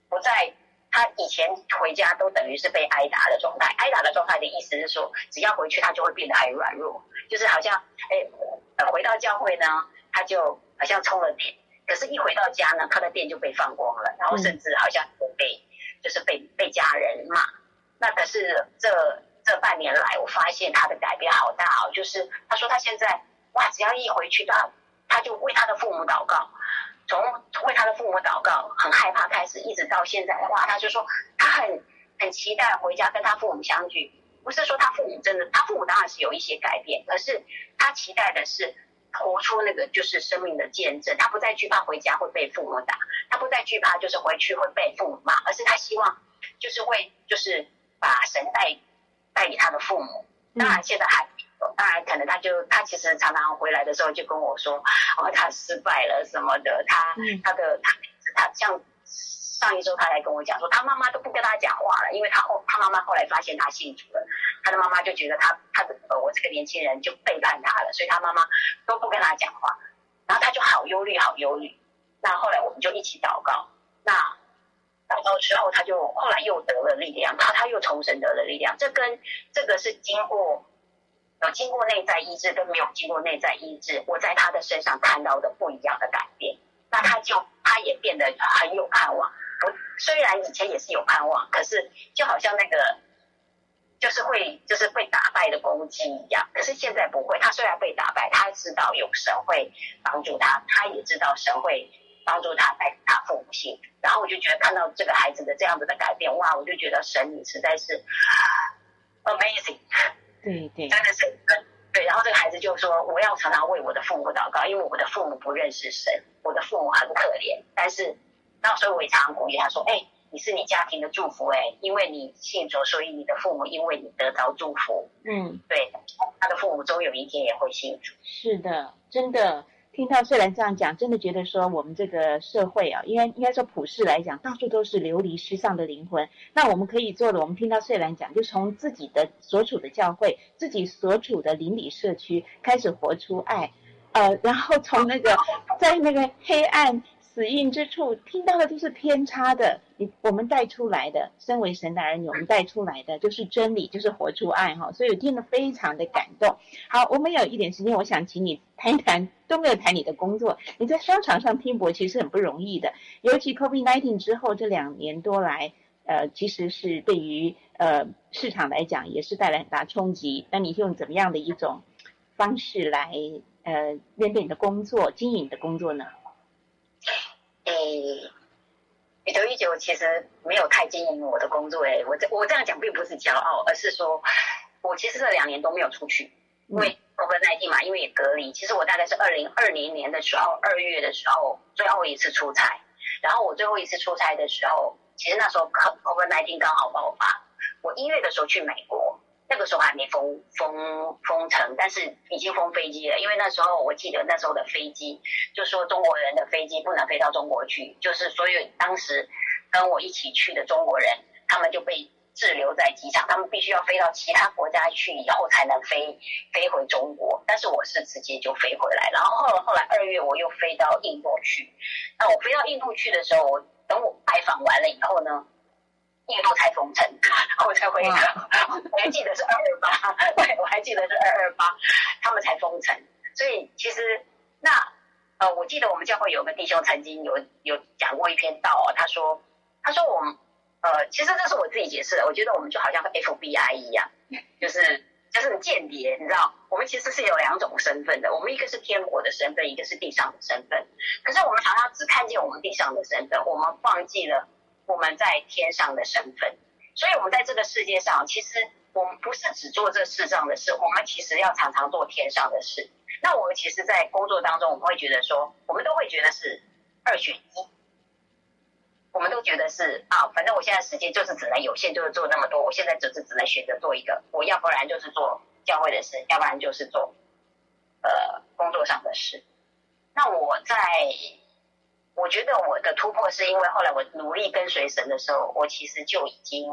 不再，他以前回家都等於是被挨打的狀態。挨打的狀態的意思是說，只要回去他就會變得很軟弱，就是好像哎，回到教會呢，他就好像充了電。可是，一回到家呢，他的電就被放光了，然後甚至好像被、嗯、就是被被家人罵。那可是這這半年來，我發現他的改變好大哦。就是他說他現在哇，只要一回去，他他就為他的父母禱告，從為他的父母禱告很害怕開始，一直到現在哇，他就說他很很期待回家跟他父母相聚。不是說他父母真的，他父母當然是有一些改變，可是他期待的是。活出那個就是生命的見證，他不再懼怕回家會被父母打，他不再懼怕就是回去會被父母罵，而是他希望就是會就是把神帶帶給他的父母。嗯。當然現在還，當然可能他就他其實常常回來的時候就跟我說，哦，他失敗了什麼的，他，嗯，他的他他像。上一週他來跟我講說，他媽媽都不跟他講話了。因為他後他媽媽後來發現他信主了，他的媽媽就覺得他他的呃我這個年輕人就背叛，他了，所以他媽媽都不跟他講話，然後他就好憂慮，好憂慮。那後來我們就一起禱告，那禱告之後他就後來又得了力量，他他又重生得了力量。這跟這個是經過有經過內在醫治跟沒有經過內在醫治，我在他的身上看到的不一樣的改變。那他就他也變得很有盼望。我雖然以前也是有盼望，可是就好像那個就是會就是被打敗的公雞一樣。可是現在不會，他雖然被打敗，他知道有神會幫助他，他也知道神會幫助他帶給他父母幸福。然後我就覺得看到這個孩子的這樣子的改變，哇！我就覺得神，你實在是、啊、amazing 對。對對，真的是、嗯、對。然後這個孩子就說：“我要常常為我的父母禱告，因為我的父母不認識神，我的父母很可憐。”但是。那時候我常鼓勵他說：“哎，你是你家庭的祝福，哎，因為你信主，所以你的父母因為你得到祝福。嗯，對，他的父母終有一天也會信主。是的，真的，聽到穗蘭這樣講，真的覺得說我們這個社會啊，應該應該說普世來講，到處都是流離失喪的靈魂。那我們可以做的，我們聽到穗蘭講，就從自己的所處的教會、自己所處的鄰里社區開始活出愛，呃，然後從那個 *laughs* 在那個黑暗。 *laughs* ”死蔭之處聽到的都是偏差的，你我們帶出來的，身為神的兒女，我們帶出來的就是真理，就是活出愛哈、哦。所以我聽了非常的感動。好，我們有一點時間，我想請你談一談，都沒有談你的工作，你在商場上拼搏其實很不容易的，尤其 COVID nineteen 之後這兩年多來，呃，其實是對於呃市場來講也是帶來很大衝擊。那你用怎麼樣的一種方式來呃面對你的工作、經營你的工作呢？誒、欸，得一九其實沒有太經營我的工作。欸。誒，我這我這樣講並不是驕傲，而是說，我其實這兩年都沒有出去，因為 COVID-19 嘛，因為也隔離。其實我大概是二零二零年的時候，二月的時候最後一次出差。然後我最後一次出差的時候，其實那時候 COVID-19 剛好爆發。我一月的時候去美國。那個時候還沒封封封城，但是已經封飛機了，因為那時候我記得那時候的飛機就說中國人的飛機不能飛到中國去，就是所以當時跟我一起去的中國人，他們就被滯留在機場，他們必須要飛到其他國家去以後才能飛飛回中國。但是我是直接就飛回來，然後後來後來二月我又飛到印度去，那我飛到印度去的時候，我等我拜訪完了以後呢？印度才封城，我才回答，wow. 我還記得是二二八，對，我還記得是二二八，他們才封城。所以其實，那呃，我記得我們教會有個弟兄曾經有有講過一篇道啊，他說，他說我們呃，其實這是我自己解釋的，我覺得我們就好像和 FBI 一樣，就是就是間諜，你知道，我們其實是有兩種身份的，我們一個是天國的身份，一個是地上的身份，可是我們常常只看見我們地上的身份，我們忘記了。我們在天上的身份，所以，我們在這個世界上，其實我們不是只做這世上的事，我們其實要常常做天上的事。那我們其實，在工作當中，我們會覺得說，我們都會覺得是二選一，我們都覺得是啊，反正我現在時間就是只能有限，就是做那麼多，我現在只是只能選擇做一個，我要不然就是做教會的事，要不然就是做呃工作上的事。那我在。我覺得我的突破是因為後來我努力跟隨神的時候，我其實就已經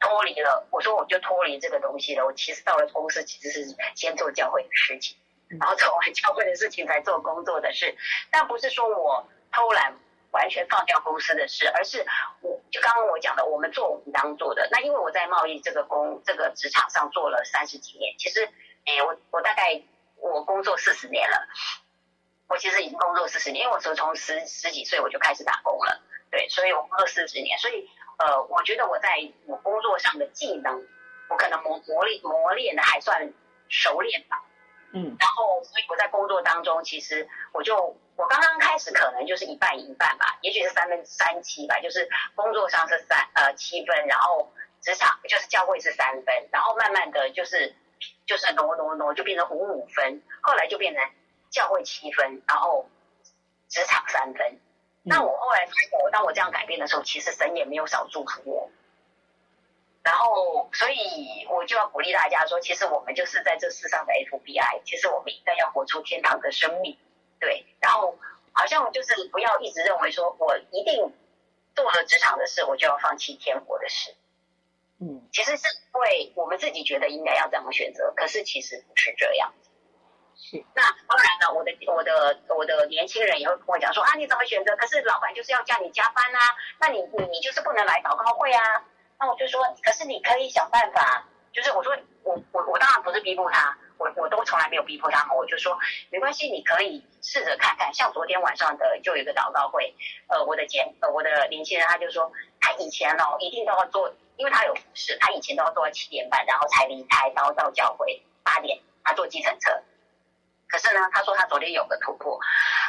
脫離了，我說我就脫離這個東西了。我其實到了公司，其實是先做教會的事情，然後做完教會的事情才做工作的事。但不是說我偷懶，完全放掉公司的事，而是我就剛剛我講的，我們做我們當做的。那因為我在貿易這個工這個職場上做了三十幾年，其實，哎，我我大概我工作四十年了。我其實已經工作四十年，因為我從從十十幾歲我就開始打工了，對，所以我工作四十年，所以呃，我覺得我在我工作上的技能，我可能磨磨練磨練的還算熟練吧，嗯，然後所以我在工作當中，其實我就我剛剛開始可能就是一半一半吧，也許是三分三七吧，就是工作上是三呃七分，然後職場就是教會是三分，然後慢慢的就是就是挪挪挪挪就變成五五分，後來就變成。教會七分，然後職場三分。那我後來發現，嗯，當我這樣改變的時候，其實神也沒有少祝福我。然後，所以我就要鼓勵大家說，其實我們就是在這世上的 FBI。其實我們應該要活出天堂的生命，對。然後，好像就是不要一直認為說我一定做了職場的事，我就要放棄天國的事。嗯，其實是因為我們自己覺得應該要這樣選擇，可是其實不是這樣。是，那當然了，我的我的我的年輕人也會跟我講說啊，你怎麼選擇？可是老闆就是要叫你加班吶、啊，那你你你就是不能來禱告會啊。那我就說，可是你可以想辦法。就是我說，我我我當然不是逼迫他，我我都從來沒有逼迫他，我就說沒關係，你可以試着看看。像昨天晚上的就有一個禱告會，呃，我的姐，呃，我的年輕人他就說，他以前哦一定都要做，因為他有事，他以前都要做到七點半，然後才離開，然後到教會八點，他坐計程車。可是呢，他說他昨天有個突破，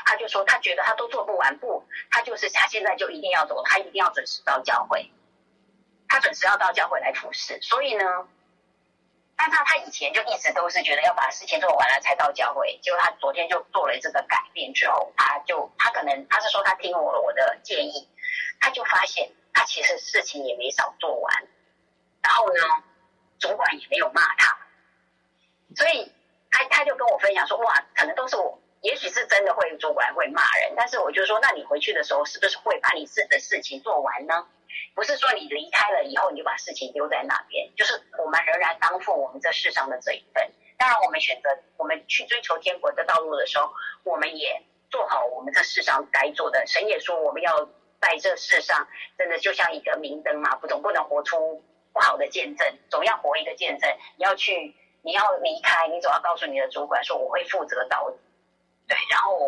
他就說他覺得他都做不完，不，他就是他現在就一定要走，他一定要準時到教會，他準時要到教會來服侍。所以呢，但他他以前就一直都是覺得要把事情做完了才到教會。結果他昨天就做了這個改變之後，他就他可能他是說他聽我我的建議，他就發現他其實事情也沒少做完，然後呢，主管也沒有罵他，所以。他他就跟我分享說，哇，可能都是我，也許是真的會做完會罵人，但是我就說，那你回去的時候，是不是會把你自己的事情做完呢？不是說你離開了以後，你就把事情丟在那邊，就是我們仍然擔負我們這世上的這一份。當然，我們選擇我們去追求天國的道路的時候，我們也做好我們這世上該做的。神也說，我們要在這世上，真的就像一個明燈嘛，不總不能活出不好的見證，總要活一個見證，你要去。你要離開，你總要告訴你的主管說，我會負責到底，對，然後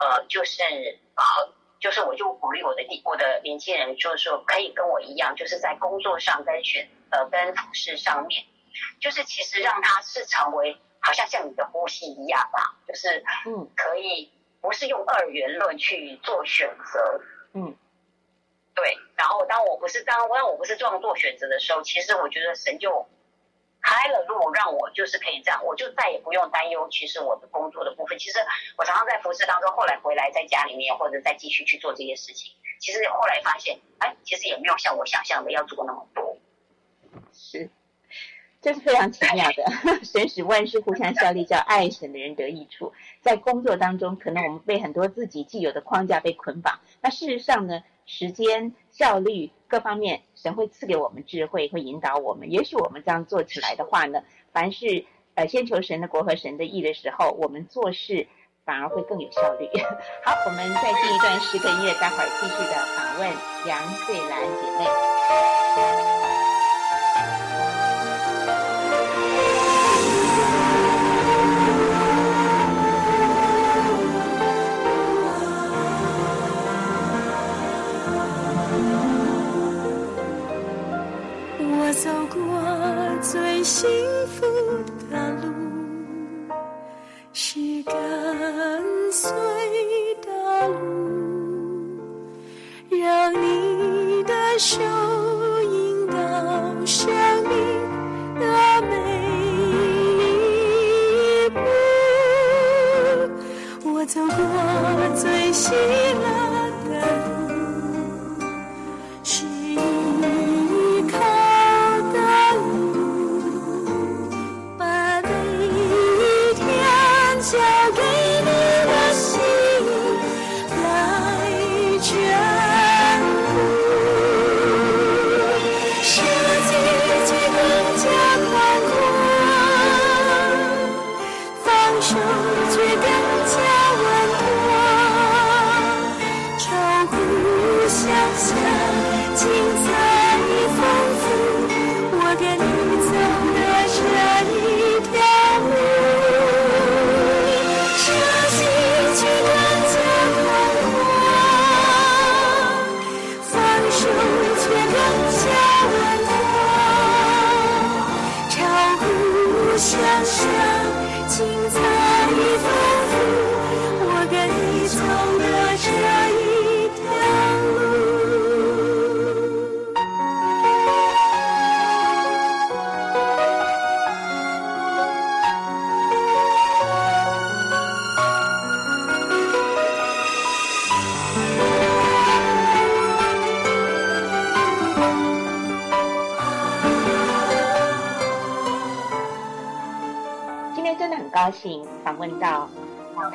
呃，就是呃，就是我就鼓勵我的我的年輕人，就是說可以跟我一樣，就是在工作上跟選呃跟服事上面，就是其實讓他是成為好像像你的呼吸一樣吧，就是嗯，可以不是用二元論去做選擇，嗯，對，然後當我不是當當我不是這樣做選擇的時候，其實我覺得神就。開了路，讓我就是可以這樣，我就再也不用擔憂。其實我的工作的部分，其實我常常在服侍當中，後來回來在家裡面，或者再繼續去做這些事情。其實後來發現，哎、欸，其實也沒有像我想象的要做那麼多。是，這、就是非常奇妙的。 *laughs* 神使萬事互相效力，叫愛神的人得益處。在工作當中，可能我們被很多自己既有的框架被捆綁。那事實上呢，時間。效率各方面，神會賜給我們智慧，會引導我們。也許我們這樣做起來的話呢，凡是呃先求神的國和神的義的時候，我們做事反而會更有效率。 *laughs* 好，我們在這一段詩歌音樂，待會兒繼續的訪問楊穗蘭姐妹。最幸福的路，是跟隨的路，讓你的手。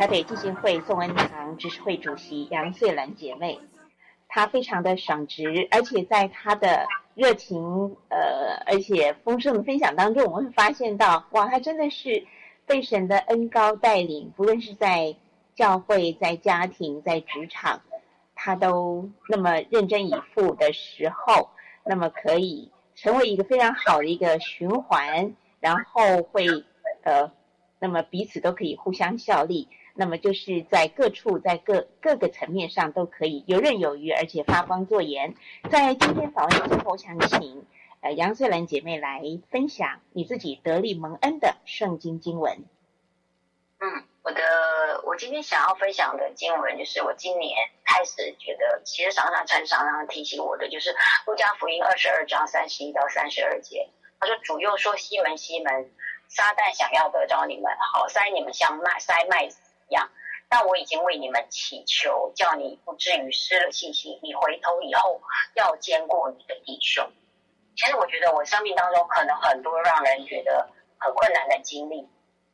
台北 *noise* 浸信會頌恩堂執事會主席楊穗蘭姐妹，她非常的爽直，而且在她的熱情呃，而且豐盛的分享當中，我們會發現到，哇，她真的是被神的恩膏帶領，不論是在教會、在家庭、在職場，她都那麼認真以赴的時候，那麼可以成為一個非常好的一個循環，然後會呃，那麼彼此都可以互相效力。那麼就是在各處，在各各個層面上都可以遊刃有餘，而且發光作鹽。在今天早上，之後，我想請呃楊穗蘭姐妹來分享你自己得力蒙恩的聖經經文。嗯，我的我今天想要分享的經文就是我今年開始覺得，其實常常常常，常，常提醒我的就是《路加福音》二十二章三十一到三十二節，他說：“主又說，西門西門，撒旦想要得着你們，好塞你們像麥塞麥子。”一樣，但我已經為你們祈求，叫你不至於失了信心。你回頭以後要堅固你的弟兄。其實我覺得，我生命當中可能很多讓人覺得很困難的經歷。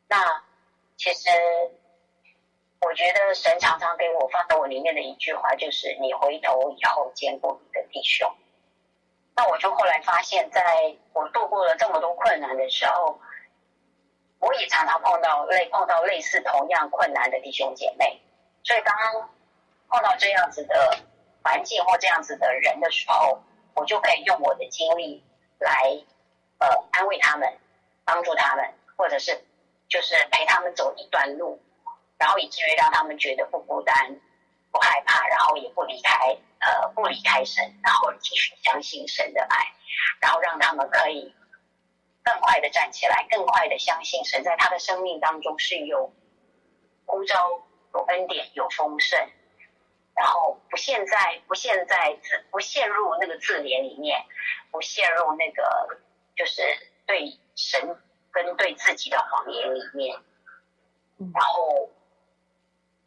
那其實，我覺得神常常給我放在我裡面的一句話，就是你回頭以後堅固你的弟兄。那我就後來發現，在我度過了這麼多困難的時候，我也常常碰到類碰到類似同樣困難的弟兄姐妹，所以當碰到這樣子的環境或這樣子的人的時候，我就可以用我的經歷來，呃，安慰他們，幫助他們，或者是就是陪他們走一段路，然後以至於讓他們覺得不孤單、不害怕，然後也不離開，呃，不離開神，然後繼續相信神的愛，然後讓他們可以。更快的站起來，更快的相信神在他的生命當中是有呼召、有恩典、有豐盛，然後不陷在、不陷在自、不陷入那個自憐裡面，不陷入那個就是對神跟對自己的謊言裡面。然後，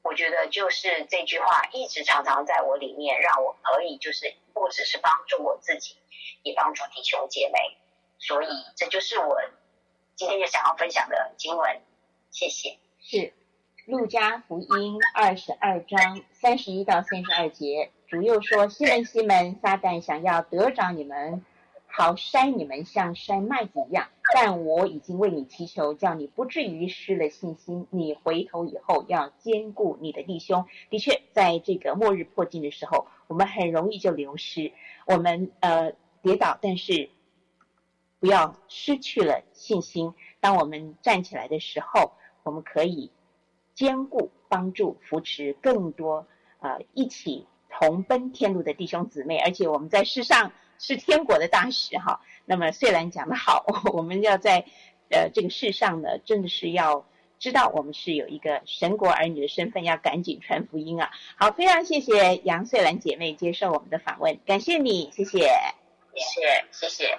我覺得就是這句話一直常常在我裡面，讓我可以就是不只是幫助我自己，也幫助弟兄姐妹。所以，這就是我今天就想要分享的經文。謝謝。是《路加福音》二十二章三十一到三十二節，主又說：“西門，西門，撒旦想要得着你們，好篩你們，像篩麥子一樣。但我已經為你祈求，叫你不至於失了信心。你回頭以後，要堅固你的弟兄。的確，在這個末日迫近的時候，我們很容易就流失，我們呃跌倒，但是。”不要失去了信心。當我們站起來的時候，我們可以堅固、幫助、扶持更多呃一起同奔天路的弟兄姊妹。而且我們在世上是天國的大使哈。那麼穗蘭講得好，我們要在呃這個世上呢，真的是要知道我們是有一個神國兒女的身份，要趕緊傳福音啊！好，非常謝謝楊穗蘭姐妹接受我們的訪問，感謝你，謝謝，謝謝，謝謝。